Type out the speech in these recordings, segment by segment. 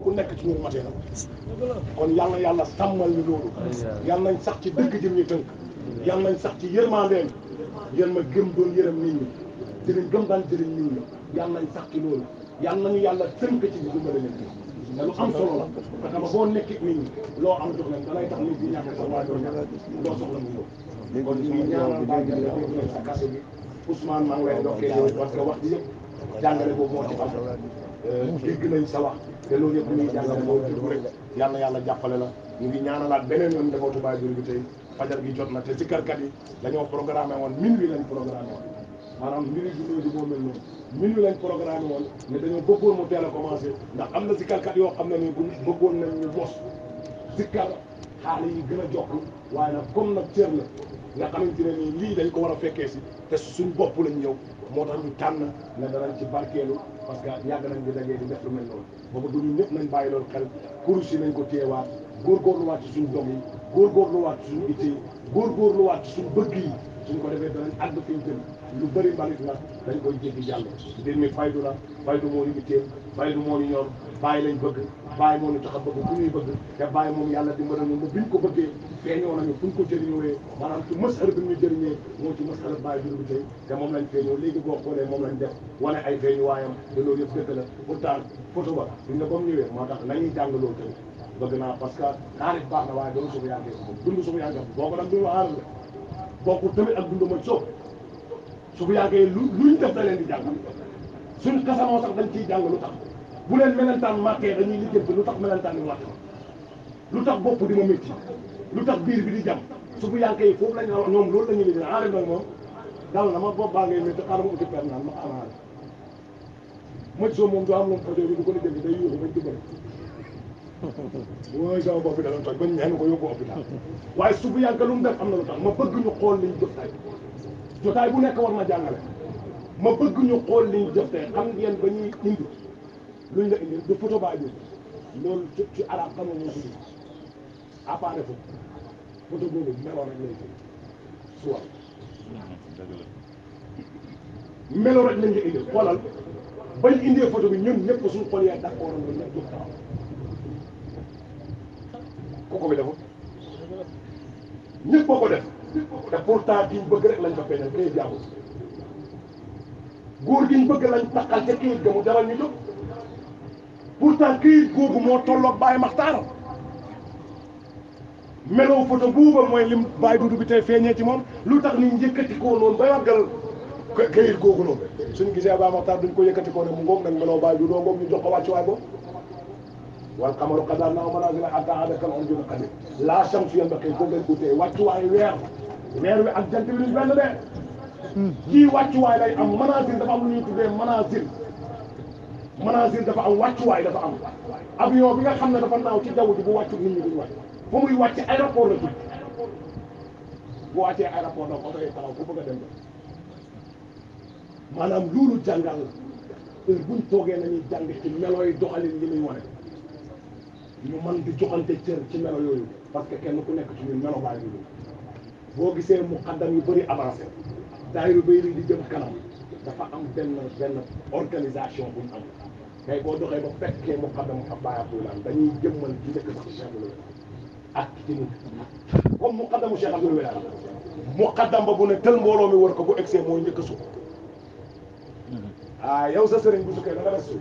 ku nekk ci ñun matee na kon yal na yàlla sàmmal ñu loolu yal nañ sax ci dëgg jëm ñu tënk yal nañ sax ci yërmandeem yéen ma gëm doon yërëm nit ñi jëriñ gëm daan jëriñ nit ñi yal nañ sax ci loolu yal nañu yàlla tënk ci ñu dimbale leen te lu am solo la parce que boo nekkee nit ñi loo am jox leen dalay tax nit ñi ñàkk sa waajoo ñàkk loo soxla mu ñëw kon ñu ñaanal bàyyi jël sa kase bi Ousmane maa ngi lay ndokkee yow parce que wax ji yëpp jàngale boobu moo ci am Euh, dégg nañ sa wax te loolu yëpp ñuy jàngal moo dégg rek yal na yàlla jàppale la ñu ngi ñaanalaat beneen yoon njabootu Baay-Jur bi tey fajar gi jot na te sikkarkat yi dañoo programmé woon minuit lañ programmé woon maanaam minuit bi léegi moo mel noonu lañ programmé woon mais dañoo bëggoon mu teel a commencé ndax am na sikkarkat yoo xam na nii bu bëggoon nañ ñu mos sikkar xaal yi gën a jokk waaye nag comme nag cër la nga xamante ne nii lii dañ ko war a fekkee si te suñ bopp lañ ñëw moo tax ñu tànn ne danañ ci barkeelu parce que yàgg nañ di dajee di def ru mel noonu boobu du ñu ñëpp nañ bàyyi loolu xel kurus yi nañ ko téyewaat góorgóorluwaat ci suñ doom yi góorgóorluwaat ci suñ itte yi góorgóorluwaat ci suñ bëgg yi suñ ko defee danañ àgg fi ñu jëm lu bëri mbalit la dañ koy jéggi jàll mbir mi faydu la faydu moo ñu itteel faydu moo ñu ñoom bàyyi lañ bëgg bàyyi moo ñu tax a bëgg ku ñuy bëgg te bàyyi moom yàlla dimbali nañu ba biñ ko bëggee feeñoo nañu fu ñu ko jëriñëwee maanaam ci masala bi ñu jëriñee moo ci masala bàyyi bi ñu tey te moom lañ feeñoo léegi boo xoolee moom lañ def wane ay feeñuwaayam te loolu yëpp dëgg la pourtant photo ba duñ ne ba mu ñëwee moo tax nañuy jàng loolu tamit na waaye doon suuf yàggee kooku tamit ak dund mooy soob su yàggee lu luñ def da leen di jàng suñ xasamoo sax dañ ciy jàng lu tax bu leen melentaan màkkee dañuy lijjanti lu tax melentaan bi wàcc lu tax bopp di ma métti lu tax biir bi di jam su ko yàggee foofu lañ la wax ñoom loolu la ñuy liggéey en réunion moom dal na ma bopp baa ngay métti xaaral ma uti perte naan ma amaana. moj soo moom doo am moom projet bi du ko la jënd day yóbbu bañ ci bëri. mooy sama bopp bi da doon toj ba ñaan ko yóbbu hôpital waaye subu yàgg lu mu def am na lu tax ma bëgg ñu xool liñ jëf tey jotaay bu nekk war na jàngale ma bëgg ñu xool liñ jëf tey xam ngeen ba ñuy indi luñ la indi du photo ba loolu ci ci arab xam nga moo tudd appareil photo photo boobu meloo rek lañ jël suwal meloo xoolal bañ indee photo bi ñun ñëpp suñu xol yaa d'accord ñëpp jóg taxaw ku ko fi defut nit moo ko def te pourtant kiñ bëgg rek lañ ko feeñal këyit jàmbur góor giñ bëgg lañ taqal ca këyit ga mu jaral ñu jóg pourtant këyit googu moo tolloog baay Makhtar meloo photo booba mooy lim Baye Doudou bi tey feeñee ci moom lu tax ñu yëkkati koo noonu ba wàggal këyit googu noonu suñu gisee Baye Makhtar duñ ko yëkkati koo ne mu ngoog meloo Baye Doudou ngoog ñu jox ko wàccuwaay boobu. والقمر قدرناه منازل حتى عاد a القديم لا شمس ينبغي كل الكوتي واتواي وير وير وي ak jant bi duñ benn de kii wàccuwaay lay am manazil dafa am lu ñuy tuddee manazil manazil dafa am wàccuwaay dafa am avion bi nga xam ne dafa naaw ci jaww ji bu wàccu nit ñi duñ wàcc fu wàcc aéroport la tudd bu wàccee aéroport nag oto yi taxaw ku bëgg a dem maanaam loolu jàngal la heure buñ toogee nañuy jàng ci melooy doxalin yi muy wane ñu mën di joxante cër ci melo yooyu parce que kenn ku nekk ci ñun melo baay bi boo gisee mu xaddam yu bëri avancé daayiru bay di jëm kanam dafa am benn benn organisation bu ñu am tey boo doxee ba fekkee mu xaddam ak baay Abdoulaye dañuy jëmmal ci dëkk sax Cheikh Abdoulaye ak ci nit comme mu xaddamu mu xaddam ba bu ne tël mbooloo mi war ko bu egsee mooy njëkk a mm-hmm. ah yow sa sëriñ bu sukkee da nga des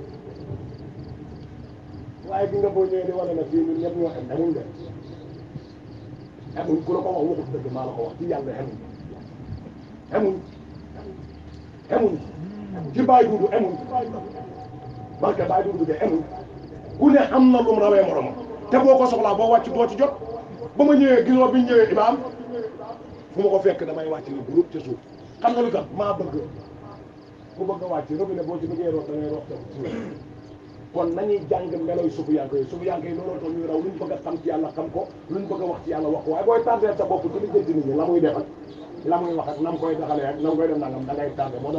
waaye bi nga boo ñëwee di wane na fii ñun ñëpp ñoo xam amuñ de amuñ ku la ko wax wax ci yàlla de amuñ ku ne am na lu mu rawee moromam te boo ko soxlaa boo wàcc doo ci jot ba ma ñëwee gisoo bi ñu imaam fu ma ko fekk damay wàcc ni groupe ca suuf xam nga maa bëgg ku bëgg a wàcc robinet boo ci bëggee root da ngay root ca suuf kon nañuy jàng meloy sufiyanke yi sufiyanke yi looloo tax ñuy raw luñ bëgg a xam ci yàlla xam ko luñ bëgg a wax ci wax ko waaye booy tardé sa bopp ci li jënti nit ñi la muy defal la wax ak na mu koy daxalee ak na mu da ngay tardé moo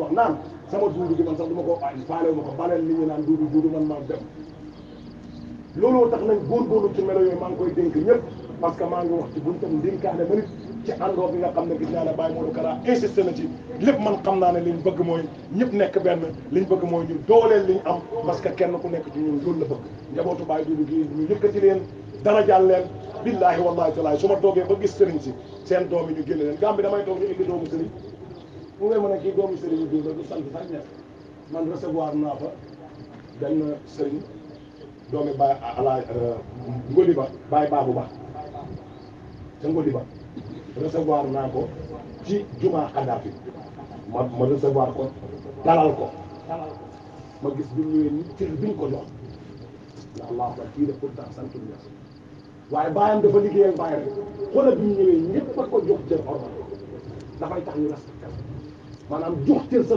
wax naan sama duudu gi man sax du ma ko a ah, faalewu ma ko baleen nit ñi naan duudu duudu man maa dem looloo tax nañ góorgóorlu ci melo yooyu maa ngi koy dénk ñëpp parce que maa ngi wax ci buntam ndénkaane ma nit ci àndoor bi nga xam ne gis naa ne Baye Modou Kara insisté na lépp man xam naa ne liñ bëgg mooy ñëpp nekk benn liñ bëgg mooy ñu dooleel liñ am parce que kenn ku nekk ci ñun loolu la bëgg njabootu Baye Doudou gi ñu yëkkati leen dara jàll leen billaahi wallaahi taalaa su ma toogee ba gis sëriñ si seen doom yi ñu génne leen gàmm bi damay toog ñu indi doomu sëriñ mu ngay mën a kii doomu sëriñ bi la du sant sax man recevoir naa fa benn sëriñ doomi Baye ala euh, Ngodiba Ba ca recevoir naa ko ci juma Kadhafi ma ma recevoir ko dalal ko ma gis bi mu ñëwee nii cër bi ko jox ndax allah ba kii de pourtant sant ñu waaye bàyyam dafa liggéey ak bàyyi rek xoolal bi mu ñëwee ñëpp a ko jox cër orma dafay tax ñu respecté maanaam jox cër sa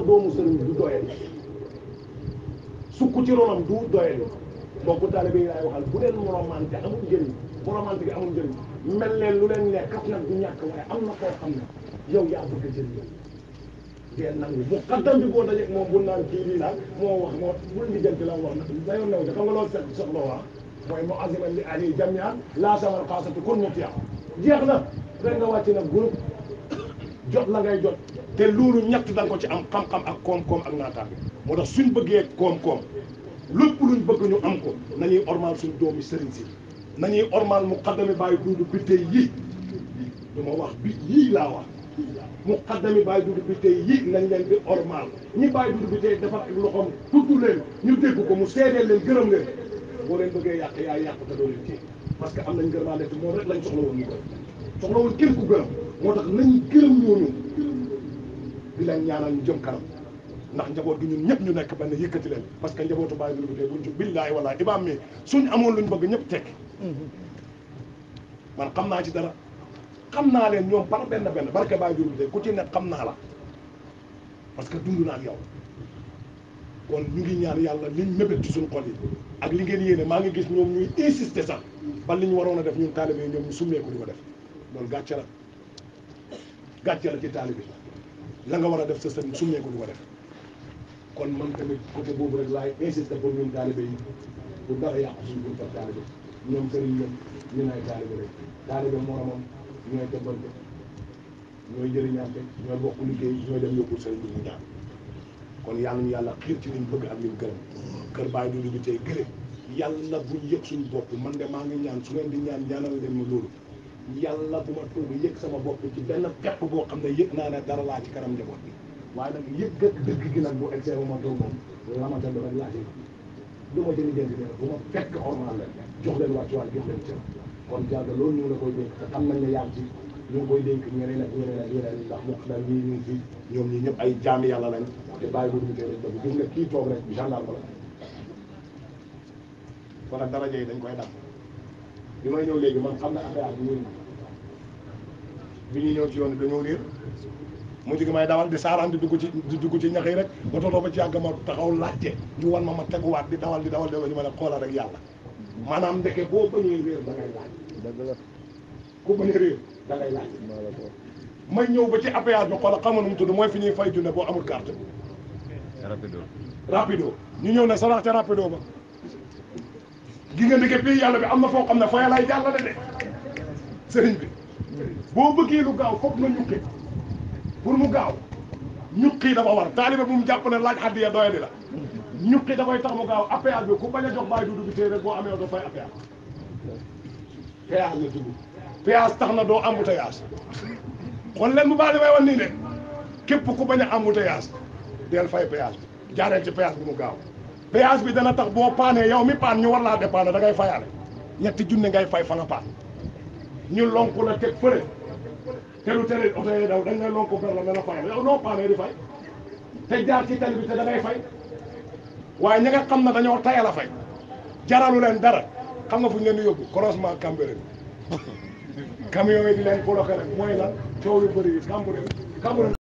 ci ronam du doyal boobu taalibe yi laay waxal bu leen moromante amul njëriñ moromante bi amul njëriñ. mel leen lu leen neex xas nag du ñàkk waaye am na koo xam ne yow yaa bëgg a jëriñoo dee nangu bu xattam bi boo dajeeg moom bu naan kii lii naan moo wax moo bul diggante la wax na dayoon naw xam nga loolu set soxla wax mooy mu azima li ali jamia laa sawal xaasatu kon ñu tiyax jeex na rek nga wàcc nag groupe jot la ngay jot te loolu ñett da ko ci am xam-xam ak koom-koom ak naataange moo tax suñ bëggee koom-koom lépp luñ bëgg ñu am ko na ormal suñ doomi sëriñ si nañuy ormal muqaddami bàyyi duudu bi tey yi du ma wax bi yii laa wax muqaddami bàyyi duudu bi yi nañ leen di ormal ñi bàyyi duudu bi tey dafa ak loxoom tudd leen ñu dégg ko mu seedeel leen gërëm leen boo leen bëggee yàq yaa yàq te doo leen parce que am nañ gërëmaa def moom lañ soxla woon ñu gërëm soxla moo tax nañ gërëm ñooñu di leen ñaanal ñu jëm kanam ndax njaboot gi ñun ñëpp ñu nekk benn yëkkati leen parce que njabootu bàyyi duudu bi tey buñ ci billaahi wala ibaam mi suñ amoon luñ bëgg ñëpp tekk man xam naa ci dara xam naa leen ñoom par benn benn barke baa jur bi de ku ci nekk xam naa la parce que dund naa ak yow kon mu ngi ñaan yàlla liñ mébét ci suñ xol yi ak li ngeen yéene maa ngi gis ñoom ñuy insister sax ba li ñu waroon a def ñun taalibe ñoom ñu summeeku di ko def loolu gàcce la gàcce la ci taalibe la nga war a def sa sëñ summeeku di ko def kon man tamit côté boobu rek laay insister pour ñun taalibe yi pour dara yàqu suñu buntu taalibe ñoom sëriñ la ñu nay taalibe rek taalibe moromam ñooy tebbante ñooy jëriñante ñooy bokk liggéey ñooy dem yóbbu sëriñ bi ñu ñaan kon yàlla ñu yàlla xiir ci liñ bëgg ak liñ gërëm kër bàyyi du bi tey gërëm yàlla bu ñu yëg suñu bopp man de maa ngi ñaan su ngeen di ñaan ñaanal leen ma loolu yàlla bu ma toog yëg sama bopp ci benn pepp boo xam ne yëg naa ne dara laa ci karam njaboot bi waaye nag yëg gëkk dëgg gi nag bu egg bu ma toog moom lamata do rek laa ci lu ma jëli jox leen wàccuwaay jox leen cër kon Diallo loolu ñu ngi la koy dénk te xam nañ ne yaa ngi ci ñu koy dénk ñeneen ak ñeneen ak ñeneen ndax mu daal ñii ñu ngi fi ñoom ñi ñëpp ay jaami yàlla lañ te bàyyi a déglu gis kii toog rek gendarme la kon nag daraja yi dañ koy dàq bi may ñëw léegi man xam na affaire bi ñuy bi ñuy ñëw ci yoon bi dañoo réer mu gi may dawal di saaraan di dugg ci di dugg ci ñax yi rek ba tolloo ba ci yàgg ma taxaw laajte ñu wan ma ma teguwaat di dawal di dawal di ma ne xoolal rek yàlla maanaam ndeke boo bañee réer da ma ñëw ba ci appayage bi xoolal xam nga nu mu mooy fi ñuy fay junne boo amul carte. rapido. ñu ñëw ne sarax ca rapido ba. gi nga ndeke pays yàlla bi am na foo xam ne faya lay jàllale de sëriñ bi boo bëggee lu gaaw foog na ñuqi pour mu gaaw ñuqi dafa war taalibe bu mu jàpp ne laaj xaddiya doyadi la ñuqi da koy tax mu gaaw APR bi ku bañ a jox bàyyi duudu bi tey rek boo amee tax na doo embouteillage kon leen bu baax li may wax nii de ku bañ a embouteillage del fay péage bi jaareel ci péage bi dana tax boo paanee yow mi paan ñu war laa dépanne da ngay fayaale ñetti junne ngay fay fa nga paan ñu lonku la teg fële te lu tere oto yi daw dañ lay lonku ber la mel na fayal yow noo paanee di fay te jaar ci tali bi te da fay waaye ña nga xam ne dañoo tayal a fay jaralu leen dara xam nga fu ñu leen di yóbbu croisement Cambérène camion yi di leen bloqué rek mooy lan coow yu bëri yi Cambérène Cambérène